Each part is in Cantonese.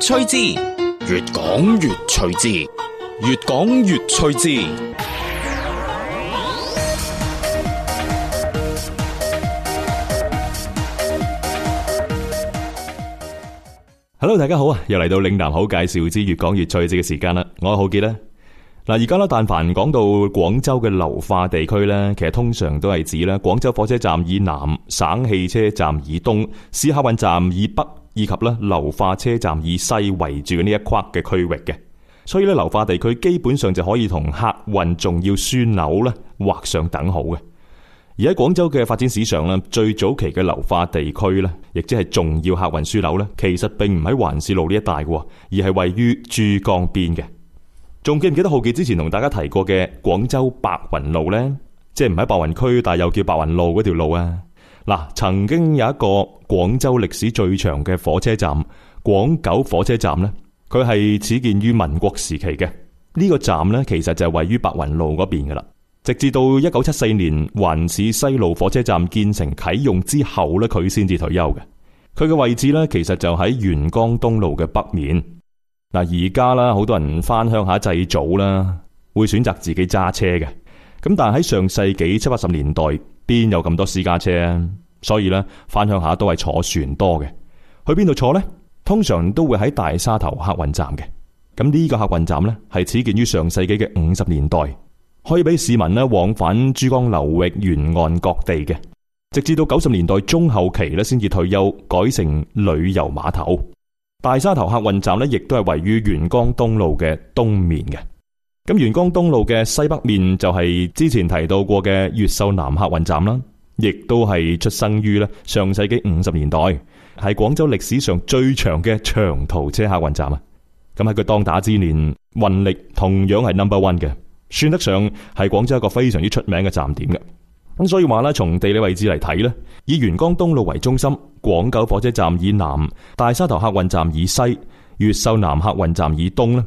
趣之，越講越趣之。越講越趣之。Hello，大家好啊！又嚟到嶺南好介紹之越講越趣之」嘅時間啦！我係浩杰咧。嗱，而家咧，但凡講到廣州嘅流花地區咧，其實通常都係指咧廣州火車站以南、省汽車站以東、市客運站以北。以及咧流化車站以西圍住嘅呢一框嘅區域嘅，所以咧流化地區基本上就可以同客運重要樞紐咧畫上等號嘅。而喺廣州嘅發展史上咧，最早期嘅流化地區咧，亦即係重要客運樞紐咧，其實並唔喺環市路呢一帶嘅，而係位於珠江邊嘅。仲記唔記得好記之前同大家提過嘅廣州白雲路呢？即係唔喺白雲區，但係又叫白雲路嗰條路啊？曾經有一個廣州歷史最長嘅火車站——廣九火車站咧，佢係始建於民國時期嘅。呢個站咧，其實就位於白雲路嗰邊噶啦。直至到一九七四年，環市西路火車站建成啟用之後咧，佢先至退休嘅。佢嘅位置咧，其實就喺元江東路嘅北面。嗱，而家啦，好多人翻鄉下祭祖啦，會選擇自己揸車嘅。咁但係喺上世紀七八十年代，邊有咁多私家車啊？所以呢，翻鄉下都係坐船多嘅。去邊度坐呢？通常都會喺大沙頭客運站嘅。咁呢個客運站呢，係始建於上世紀嘅五十年代，可以俾市民呢往返珠江流域沿岸各地嘅。直至到九十年代中後期呢，先至退休，改成旅遊碼頭。大沙頭客運站呢，亦都係位於沿江東路嘅東面嘅。咁元江東路嘅西北面就係之前提到過嘅越秀南客運站啦，亦都係出生於呢上世紀五十年代，係廣州歷史上最長嘅長途車客運站啊！咁喺佢當打之年，運力同樣係 number one 嘅，算得上係廣州一個非常之出名嘅站點嘅。咁所以話呢，從地理位置嚟睇呢，以元江東路為中心，廣九火車站以南，大沙頭客運站以西，越秀南客運站以東呢，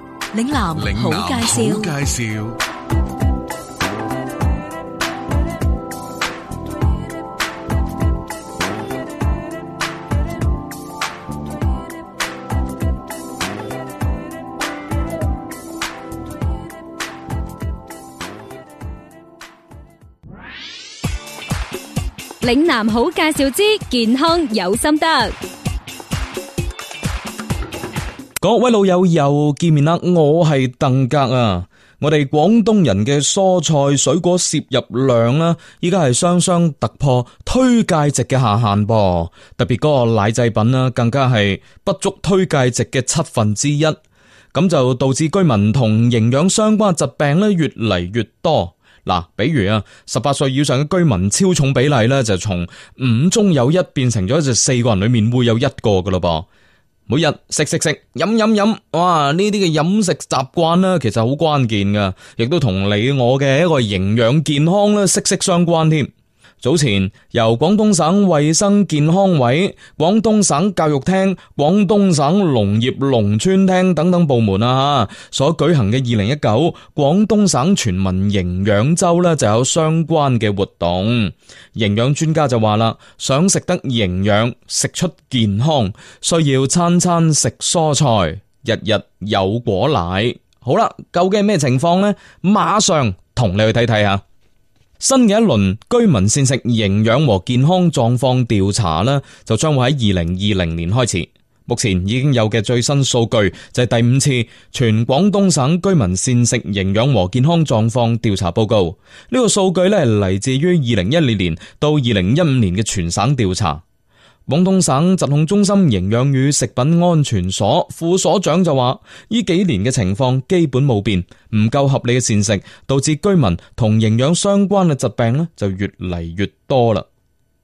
嶺南好介紹，嶺南好介紹。嶺南好介紹之健康有心得。各位老友又見面啦，我係鄧格啊。我哋廣東人嘅蔬菜、水果攝入量呢，依家係雙雙突破推介值嘅下限噃。特別嗰個奶製品呢，更加係不足推介值嘅七分之一，咁就導致居民同營養相關疾病咧越嚟越多。嗱，比如啊，十八歲以上嘅居民超重比例咧，就從五中有一變成咗就四個人裏面會有一個噶嘞噃。每日食食食、飲飲飲，哇！呢啲嘅飲食習慣咧，其實好關鍵噶，亦都同你我嘅一個營養健康咧息息相關添。早前由廣東省衛生健康委、廣東省教育廳、廣東省農業農村廳等等部門啊所舉行嘅二零一九廣東省全民營養周咧，就有相關嘅活動。營養專家就話啦，想食得營養，食出健康，需要餐餐食蔬菜，日日有果奶。好啦，究竟係咩情況咧？馬上同你去睇睇吓。新嘅一輪居民膳食營養和健康狀況調查呢，就將會喺二零二零年開始。目前已經有嘅最新數據就係第五次全廣東省居民膳食營養和健康狀況調查報告。呢個數據呢，嚟自於二零一二年到二零一五年嘅全省調查。廣東省疾控中心營養與食品安全所副所長就話，呢幾年嘅情況基本冇變，唔夠合理嘅膳食，導致居民同營養相關嘅疾病咧就越嚟越多啦。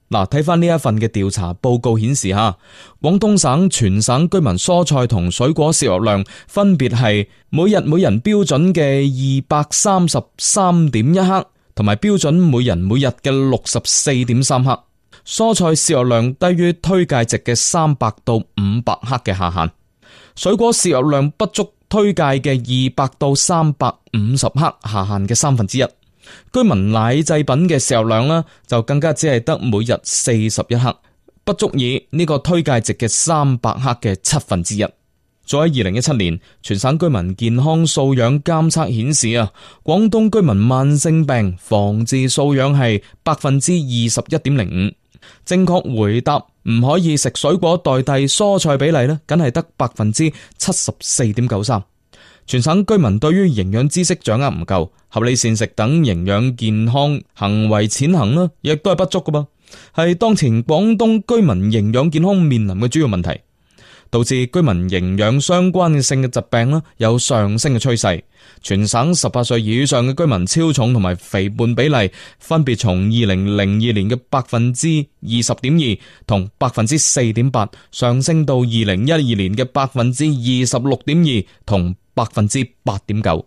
嗱，睇翻呢一份嘅調查報告顯示吓，廣東省全省居民蔬菜同水果攝入量分別係每日每人標準嘅二百三十三點一克，同埋標準每人每日嘅六十四點三克。蔬菜攝入量低於推介值嘅三百到五百克嘅下限，水果攝入量不足推介嘅二百到三百五十克下限嘅三分之一。居民奶製品嘅攝入量呢，就更加只係得每日四十一克，不足以呢個推介值嘅三百克嘅七分之一。早喺二零一七年，全省居民健康素養監測顯示啊，廣東居民慢性病防治素養係百分之二十一點零五。正確回答唔可以食水果代替蔬菜比例呢，梗係得百分之七十四點九三。全省居民對於營養知識掌握唔夠、合理膳食等營養健康行為踐行呢亦都係不足噶噃，係當前廣東居民營養健康面臨嘅主要問題。導致居民營養相關性嘅疾病啦，有上升嘅趨勢。全省十八歲以上嘅居民超重同埋肥胖比例分別從，分別從二零零二年嘅百分之二十點二同百分之四點八，上升到二零一二年嘅百分之二十六點二同百分之八點九。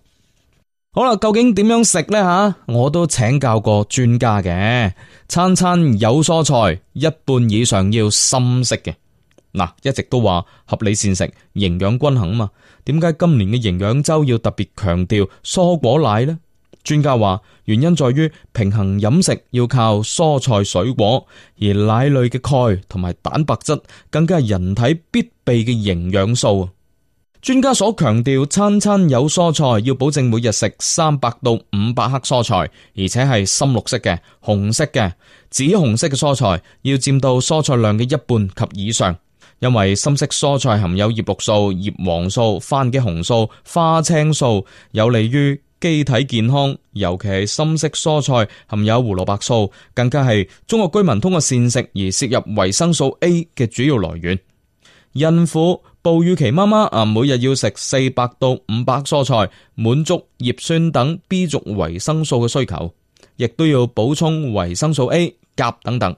好啦，究竟點樣食呢？吓？我都請教過專家嘅，餐餐有蔬菜，一半以上要深色嘅。嗱，一直都話合理膳食，營養均衡嘛。點解今年嘅營養周要特別強調蔬果奶呢？專家話原因在於平衡飲食要靠蔬菜水果，而奶類嘅鈣同埋蛋白質更加係人體必備嘅營養素。專家所強調餐餐有蔬菜，要保證每日食三百到五百克蔬菜，而且係深綠色嘅、紅色嘅、紫紅色嘅蔬菜，要佔到蔬菜量嘅一半及以上。因為深色蔬菜含有葉綠素、葉黃素、番茄紅素、花青素，有利於機體健康。尤其係深色蔬菜含有胡蘿蔔素，更加係中國居民通過膳食而攝入維生素 A 嘅主要來源。孕婦、哺乳期媽媽啊，每日要食四百到五百蔬菜，滿足葉酸等 B 族維生素嘅需求，亦都要補充維生素 A、鉀等等。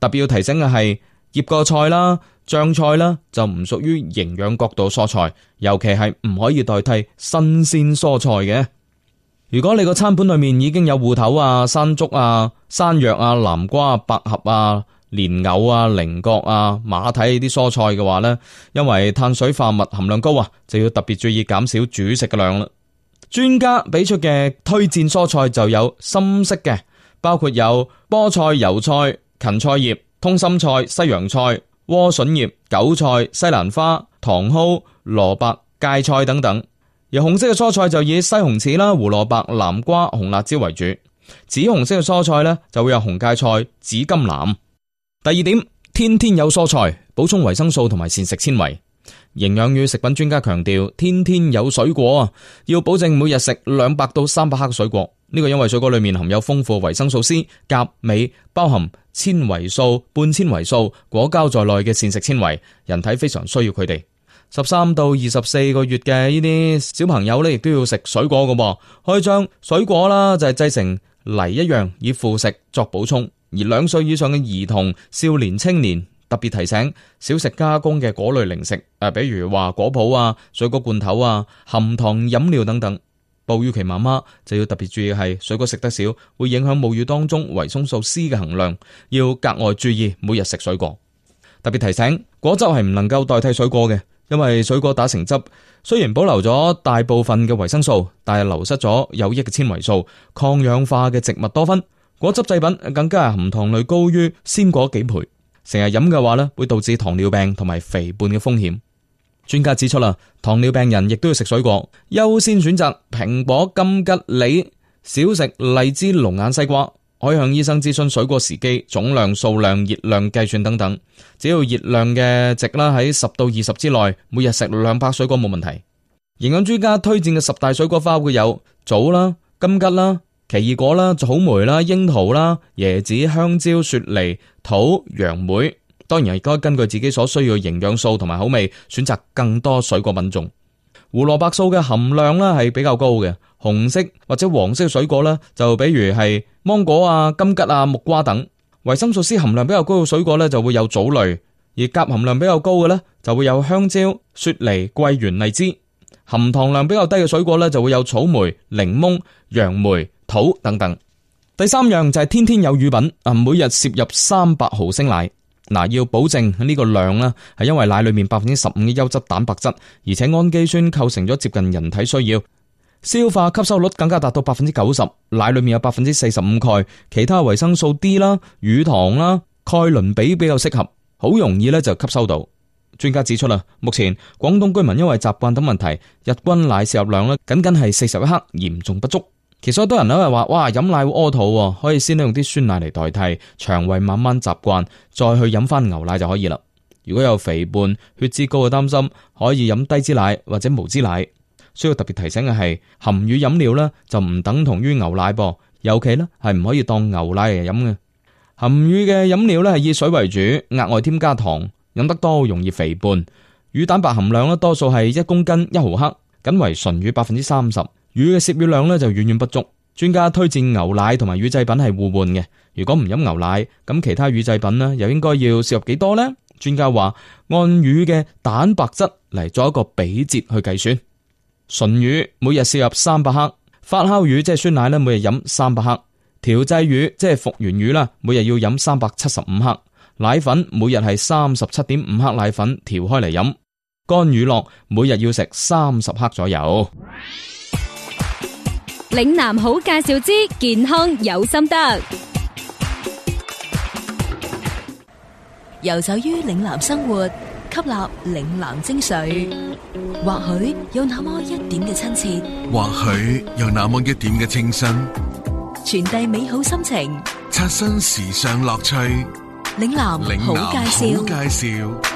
特別要提醒嘅係醃個菜啦。醬菜啦，就唔屬於營養角度蔬菜，尤其係唔可以代替新鮮蔬菜嘅。如果你個餐盤裏面已經有芋頭啊、山竹啊、山藥啊、南瓜啊、百合啊、蓮藕啊、菱角啊、馬蹄啲蔬菜嘅話呢，因為碳水化合物含量高啊，就要特別注意減少主食嘅量啦。專家俾出嘅推薦蔬菜就有深色嘅，包括有菠菜、油菜、芹菜葉、通心菜、西洋菜。萵筍葉、韭菜、西蘭花、糖蒿、蘿蔔、芥菜等等，而紅色嘅蔬菜就以西紅柿啦、胡蘿蔔、南瓜、紅辣椒為主；紫紅色嘅蔬菜呢就會有紅芥菜、紫甘藍。第二點，天天有蔬菜，補充維生素同埋膳食纖維。營養與食品專家強調，天天有水果，要保證每日食兩百到三百克水果。呢個因為水果裏面含有豐富維生素 C、鉀、鎂，包含纖維素、半纖維素、果膠在內嘅膳食纖維，人體非常需要佢哋。十三到二十四個月嘅呢啲小朋友咧，亦都要食水果噶，可以將水果啦就係、是、製成泥一樣，以輔食作補充。而兩歲以上嘅兒童、少年、青年，特別提醒少食加工嘅果類零食，誒，比如話果脯啊、水果罐頭啊、含糖飲料等等。哺乳期媽媽就要特別注意係水果食得少，會影響母乳當中維生素 C 嘅含量，要格外注意每日食水果。特別提醒，果汁係唔能夠代替水果嘅，因為水果打成汁雖然保留咗大部分嘅維生素，但係流失咗有益嘅纖維素、抗氧化嘅植物多酚。果汁製品更加係含糖類高於鮮果幾倍，成日飲嘅話呢會導致糖尿病同埋肥胖嘅風險。專家指出啦，糖尿病人亦都要食水果，優先選擇蘋果、金桔、梨，少食荔枝、龍眼、西瓜。可以向醫生諮詢水果時機、總量、數量、熱量計算等等。只要熱量嘅值啦喺十到二十之內，每日食兩百水果冇問題。營養專家推薦嘅十大水果包括有棗啦、金桔啦、奇異果啦、草莓啦、櫻桃啦、椰子、香蕉、雪梨、桃、楊梅。當然，係應該根據自己所需要嘅營養素同埋口味，選擇更多水果品種。胡蘿蔔素嘅含量呢係比較高嘅，紅色或者黃色水果呢，就比如係芒果啊、金桔啊、木瓜等。維生素 C 含量比較高嘅水果呢，就會有棗類，而鉀含量比較高嘅呢，就會有香蕉、雪梨、桂圓、荔枝。含糖量比較低嘅水果呢，就會有草莓、檸檬、楊梅、桃等等。第三樣就係天天有乳品啊，每日攝入三百毫升奶。嗱，要保證呢個量啦，係因為奶裏面百分之十五嘅優質蛋白質，而且氨基酸構成咗接近人體需要，消化吸收率更加達到百分之九十。奶裏面有百分之四十五鈣，其他維生素 D 啦、乳糖啦、鈣磷比比較適合，好容易咧就吸收到。專家指出啦，目前廣東居民因為習慣等問題，日均奶攝入量咧僅僅係四十一克，嚴重不足。其實好多人咧係話，哇，飲奶會屙肚喎，可以先用啲酸奶嚟代替，腸胃慢慢習慣，再去飲翻牛奶就可以啦。如果有肥胖、血脂高嘅擔心，可以飲低脂奶或者無脂奶。需要特別提醒嘅係，含乳飲料呢就唔等同於牛奶噃，尤其呢係唔可以當牛奶嚟飲嘅。含乳嘅飲料呢係以水為主，額外添加糖，飲得多容易肥胖。乳蛋白含量呢多數係一公斤一毫克，僅為純乳百分之三十。奶嘅攝取量咧就遠遠不足，專家推薦牛奶同埋乳製品係互換嘅。如果唔飲牛奶，咁其他乳製品呢又應該要攝入幾多呢？專家話按奶嘅蛋白質嚟，作一個比折去計算，純奶每日攝入三百克，發酵奶即係酸奶咧，每日飲三百克，調製奶即係復原奶啦，每日要飲三百七十五克，奶粉每日係三十七點五克奶粉調開嚟飲，乾奶酪每日要食三十克左右。嶺南好介紹之健康有心得，遊走於嶺南生活，吸納嶺南精髓，或許有那麼一點嘅親切，或許有那麼一點嘅清新，傳遞美好心情，刷新時尚樂趣。嶺南好介紹。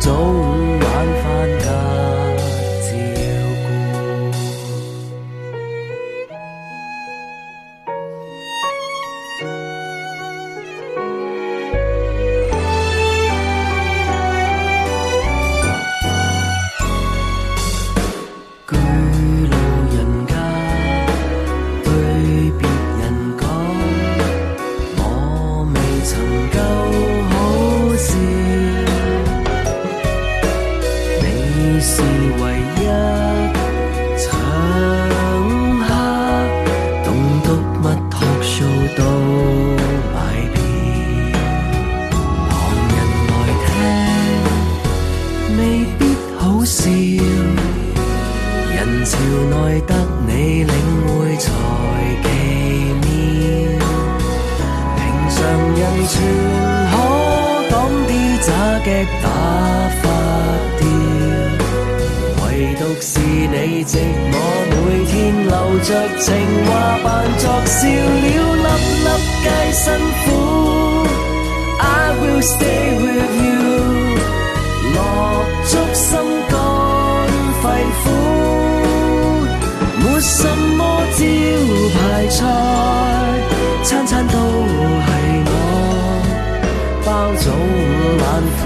早午晚。嘅打發掉，唯獨是你寂寞，每天留着情話，扮作笑料，粒粒皆辛苦。I will stay with you，落足心肝肺腑，沒什麼招牌菜，餐餐都係我包早晚。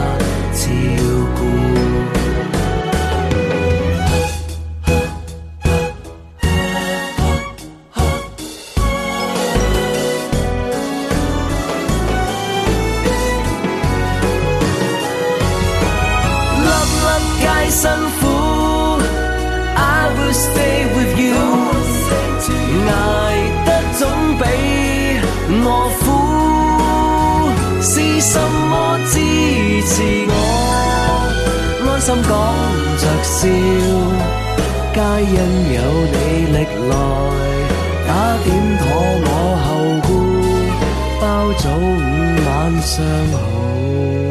笑，皆因 有你歷來打點妥我後顧，包早午晚上好。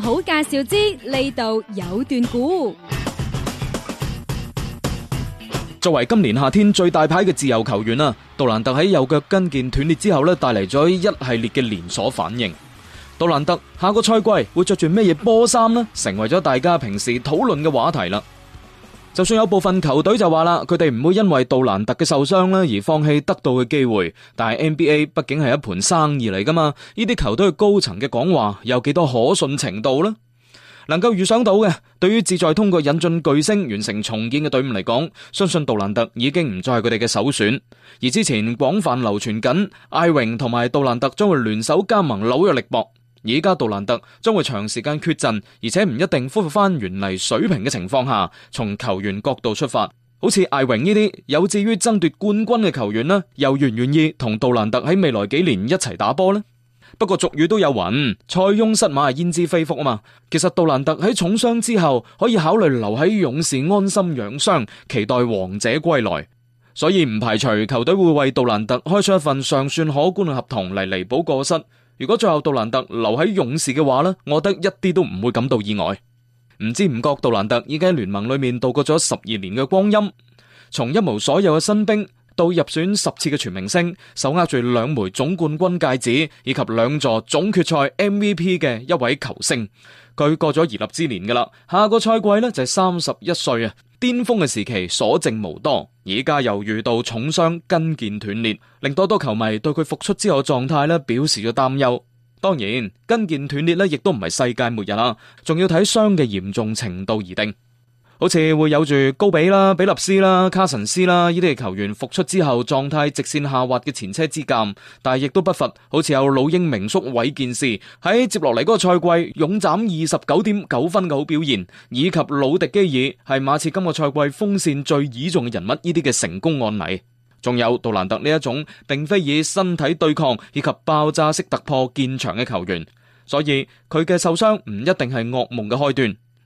好介紹之呢度有段古。作為今年夏天最大牌嘅自由球員啊，杜蘭特喺右腳跟腱斷裂之後呢，帶嚟咗一系列嘅連鎖反應。杜蘭特下個賽季會着住咩嘢波衫呢？成為咗大家平時討論嘅話題啦。就算有部分球隊就話啦，佢哋唔會因為杜蘭特嘅受傷咧而放棄得到嘅機會，但係 NBA 畢竟係一盤生意嚟噶嘛，呢啲球隊高層嘅講話有幾多可信程度呢？能夠預想到嘅，對於志在通過引進巨星完成重建嘅隊伍嚟講，相信杜蘭特已經唔再係佢哋嘅首選。而之前廣泛流傳緊，艾榮同埋杜蘭特將會聯手加盟紐約力搏。而家杜蘭特將會長時間缺陣，而且唔一定恢復翻原嚟水平嘅情況下，從球員角度出發，好似艾榮呢啲有志於爭奪冠軍嘅球員呢，又願唔願意同杜蘭特喺未來幾年一齊打波呢？不過俗語都有云：塞翁失馬，焉知非福啊嘛。其實杜蘭特喺重傷之後，可以考慮留喺勇士安心養傷，期待王者歸來。所以唔排除球隊會為杜蘭特開出一份尚算可觀嘅合同嚟彌補過失。如果最後杜蘭特留喺勇士嘅話呢，我覺得一啲都唔會感到意外。唔知唔覺，杜蘭特已經喺聯盟裏面度過咗十二年嘅光陰，從一無所有嘅新兵到入選十次嘅全明星，手握住兩枚總冠軍戒指以及兩座總決賽 MVP 嘅一位球星，佢過咗而立之年噶啦，下個賽季呢就係三十一歲啊。巔峰嘅時期所剩無多，而家又遇到重傷，跟腱斷裂，令多多球迷對佢復出之後狀態咧表示咗擔憂。當然，跟腱斷裂咧亦都唔係世界末日啦，仲要睇傷嘅嚴重程度而定。好似會有住高比啦、比立斯啦、卡臣斯啦呢啲球員復出之後狀態直線下滑嘅前車之鑒，但係亦都不乏好似有老鷹名宿韋健士喺接落嚟嗰個賽季勇斬二十九點九分嘅好表現，以及魯迪基爾係馬刺今個賽季鋒線最倚重嘅人物呢啲嘅成功案例，仲有杜蘭特呢一種並非以身體對抗以及爆炸式突破見長嘅球員，所以佢嘅受傷唔一定係噩夢嘅開端。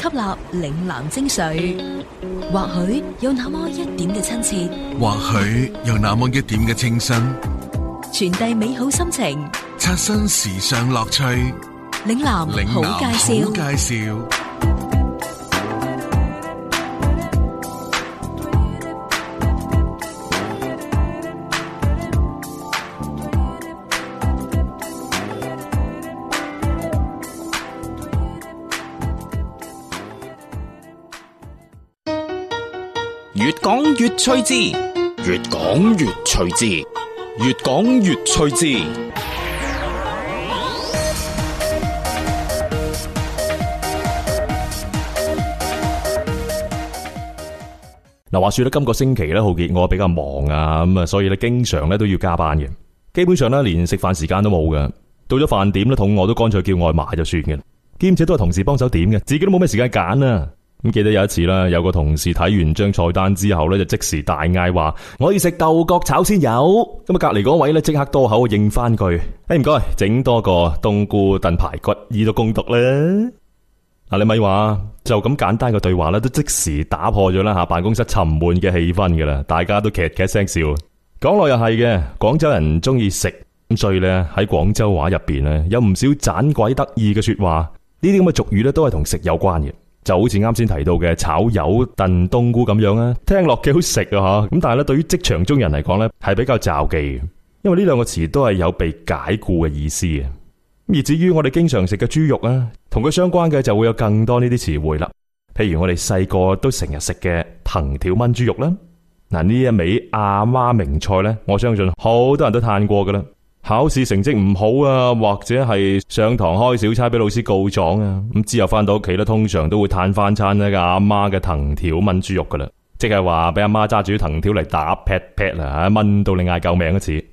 吸納嶺南精髓，或許有那麼一點嘅親切，或許有那麼一點嘅清新，傳遞美好心情，刷新時尚樂趣。嶺南好介紹，好介紹。越趣字，越講越趣字，越講越趣之。嗱，話說咧，今個星期咧，浩傑我比較忙啊，咁啊，所以咧，經常咧都要加班嘅。基本上咧，連食飯時間都冇㗎。到咗飯點咧，肚餓都乾脆叫外賣就算嘅。兼且都係同事幫手點嘅，自己都冇咩時間揀啊。咁記得有一次啦，有個同事睇完張菜單之後咧，就即時大嗌話：我要食豆角炒鮮魷。咁啊，隔籬嗰位咧即刻多口應翻句：誒，唔該，整多個冬菇燉排骨以毒攻毒咧。嗱，你咪話就咁簡單嘅對話咧，都即時打破咗啦吓，辦公室沉悶嘅氣氛噶啦，大家都夾夾一聲笑。講落又係嘅，廣州人中意食，咁所以咧喺廣州話入邊咧，有唔少盞鬼得意嘅說話，呢啲咁嘅俗語咧，都係同食有關嘅。就好似啱先提到嘅炒魷燉冬菇咁樣啊，聽落幾好食啊吓，咁但係咧對於職場中人嚟講咧係比較撞忌嘅，因為呢兩個詞都係有被解雇嘅意思嘅。而至於我哋經常食嘅豬肉啊，同佢相關嘅就會有更多呢啲詞彙啦，譬如我哋細個都成日食嘅藤條炆豬肉啦，嗱呢一味阿媽名菜咧，我相信好多人都嘆過噶啦。考試成績唔好啊，或者係上堂開小差俾老師告狀啊，咁之後翻到屋企咧，通常都會嘆翻餐咧阿媽嘅藤條炆豬肉噶啦，即係話俾阿媽揸住啲藤條嚟打劈劈啦，吓炆到你嗌救命一次。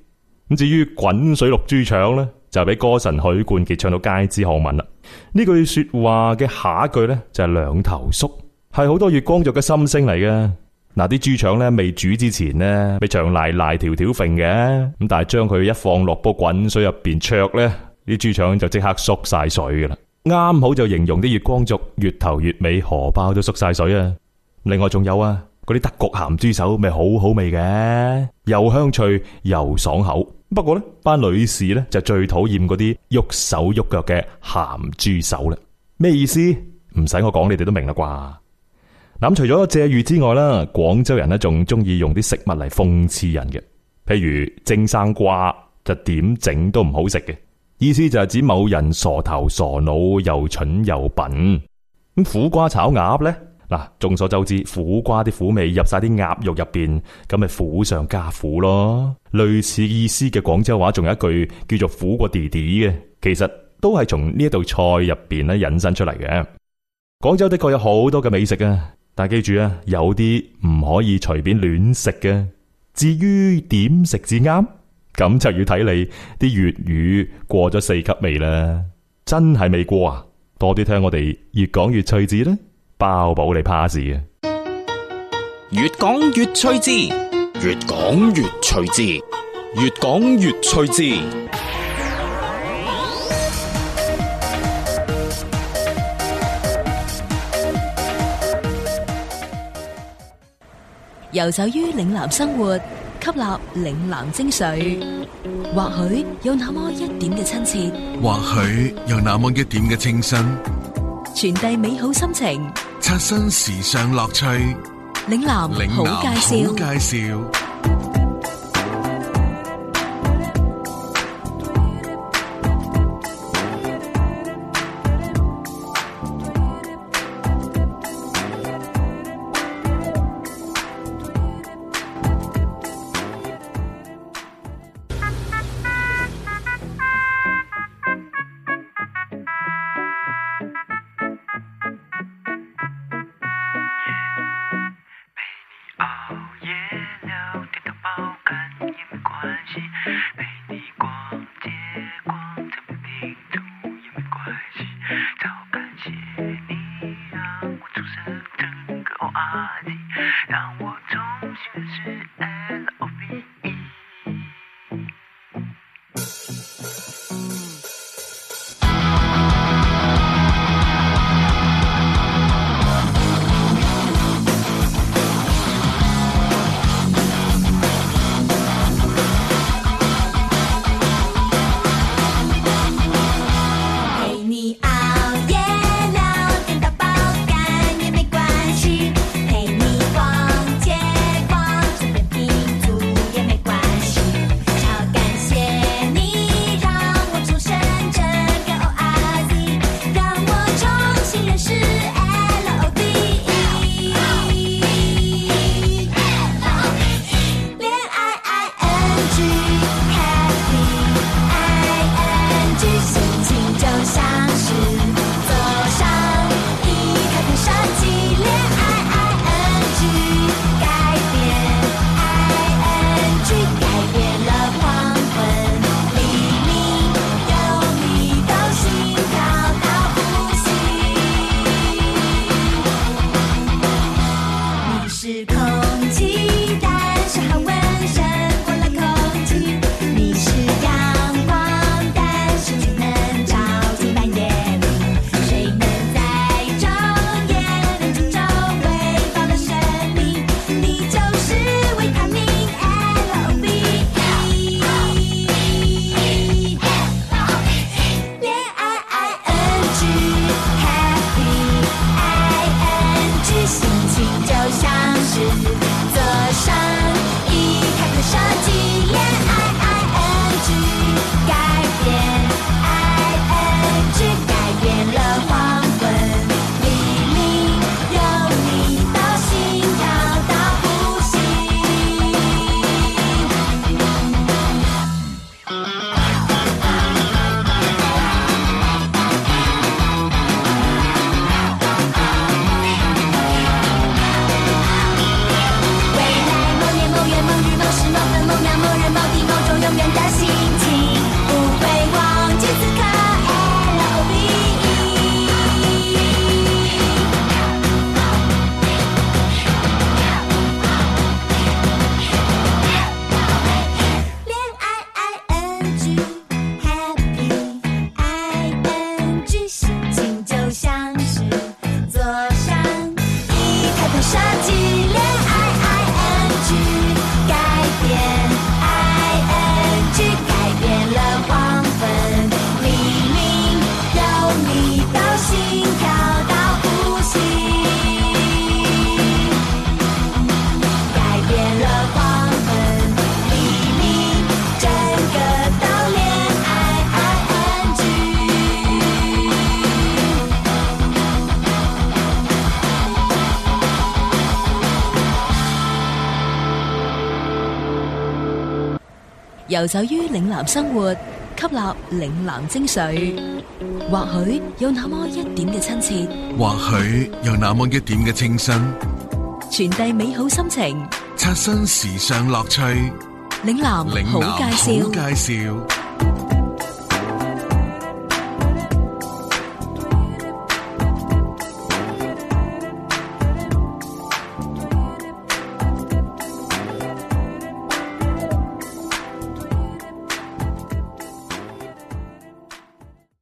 咁至於滾水淥豬腸咧，就俾歌神許冠傑唱到街知巷聞啦。呢句說話嘅下一句咧就係、是、兩頭縮，係好多月光族嘅心聲嚟嘅。嗱啲豬腸咧未煮之前呢，咪長瀨瀨條條揈嘅，咁但係將佢一放落煲滾水入邊焯呢，啲豬腸就即刻縮晒水噶啦，啱好就形容啲月光族月頭月尾荷包都縮晒水啊！另外仲有啊，嗰啲德國咸豬手咪好好味嘅，又香脆又爽口。不過呢班女士呢，就最討厭嗰啲喐手喐腳嘅咸豬手啦。咩意思？唔使我講，你哋都明啦啩。咁除咗借喻之外啦，廣州人咧仲中意用啲食物嚟諷刺人嘅，譬如蒸生瓜就點整都唔好食嘅，意思就係指某人傻頭傻腦，又蠢又笨。咁、嗯、苦瓜炒鴨呢，嗱、啊、眾所周知，苦瓜啲苦味入晒啲鴨肉入邊，咁咪苦上加苦咯。類似意思嘅廣州話仲有一句叫做苦過弟弟嘅，其實都係從呢一道菜入邊咧引申出嚟嘅。廣州的確有好多嘅美食啊！但係記住啊，有啲唔可以隨便亂食嘅。至於點食至啱，咁就要睇你啲粵語過咗四級未啦。真係未過啊，多啲聽我哋越講越趣致啦。包保，保你怕事啊！越講越趣致，越講越趣致，越講越趣致。遊走於嶺南生活，吸納嶺南精髓，或許有那麼一點嘅親切，或許有那麼一點嘅清新，傳遞美好心情，刷新時尚樂趣。嶺南好介紹，好介紹。遊走於嶺南生活，吸納嶺南精髓，或許有那麼一點嘅親切，或許有那麼一點嘅清新，傳遞美好心情，刷新時尚樂趣。嶺南，好介紹，好介紹。